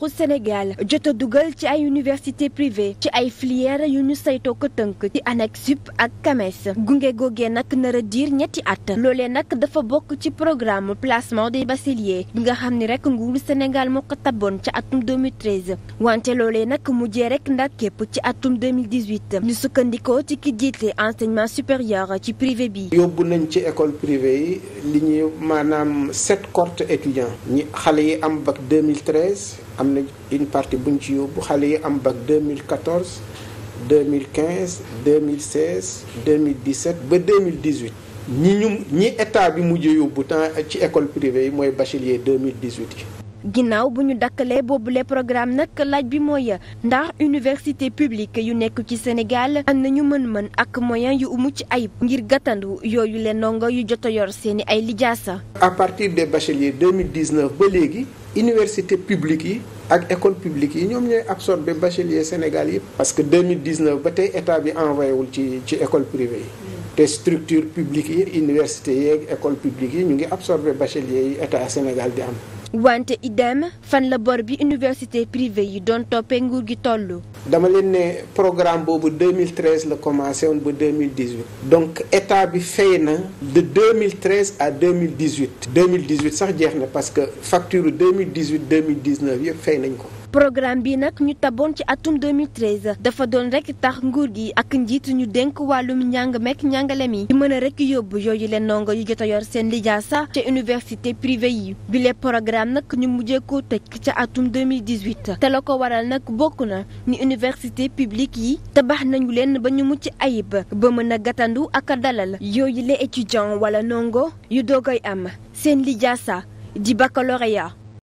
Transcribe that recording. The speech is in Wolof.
nguuru Sénégal jot a dugal ci ay université privée ci ay filière yu ñu saytoo ko tënk ci ANAQ-Sup ak CAMES gunge googee nag nar diir ñetti at loolee nag dafa bokk ci programme placement des bacheliers bi nga xam ni rek nguuru Sénégal moo ko taboon ci atum 2013 wante loole nag mujjee rek ndax képp ci atum 2018 ñu sukkandikoo ci ki jiite enseignement supérieur ci privé bi. yóbbu nañ ci école privée yi li ñuy maanaam sept cohortes étudiants ñi xale yi am bac am na une partie bu ci yóbbu xale yi am deux mille mille bac 2014 2015 2016 2017 ba 2018 ñi ñu ñi état bi mujj yóbbu temps ci école privée yi mooy bachelier 2018 yi. ginnaaw bu ñu dakkalee boobu boobule programme nag laaj bi mooy ndax université publique yu nekk ci Sénégal am na ñu mën-mën ak moyen yu mucc ayib ngir gàttandu yooyu leen dongo yu jot a yor seeni ay lijaasa. à partir des bacheliers 2019 ba léegi université publique yi. ak école publique yi ñoom ñooy absorbé bachelier Sénégal yëpp. parce que 2019 ba tey état bi envoyé wul ci ci école privée yi. te structure publique yi université yeeg école publique yi ñu ngi absorbé bachelier yi état Sénégal di am. wante idem fan la bor bi université privée yi doon toppee nguur gi toll. dama leen ne programme boobu 2013 la commencé woon ba 2018 donc état bi fay na de 2013 à 2018 2018 sax jeex na parce que facture 2018 2019 yëpp fay nañ ko. programme bi nag ñu taboon ci atum 2013 dafa doon rek tax nguur gi ak njiit ñu dénk wàllum njàng mekk njàngale mi di mën a rek yóbbu yooyu leen ndongo yu jot a yor seen lijaasa ca université privée yi bile programme nag ñu mujjee ko tëj ca atum 2018 te la ko waral nag bokk na ni université publique yi tabax nañu leen ba ñu mucc ayib ba mën a gàttandu ak a dalal yooyu la étudiant wala ndongo yu doogay am seen lijaasa di baccalauréat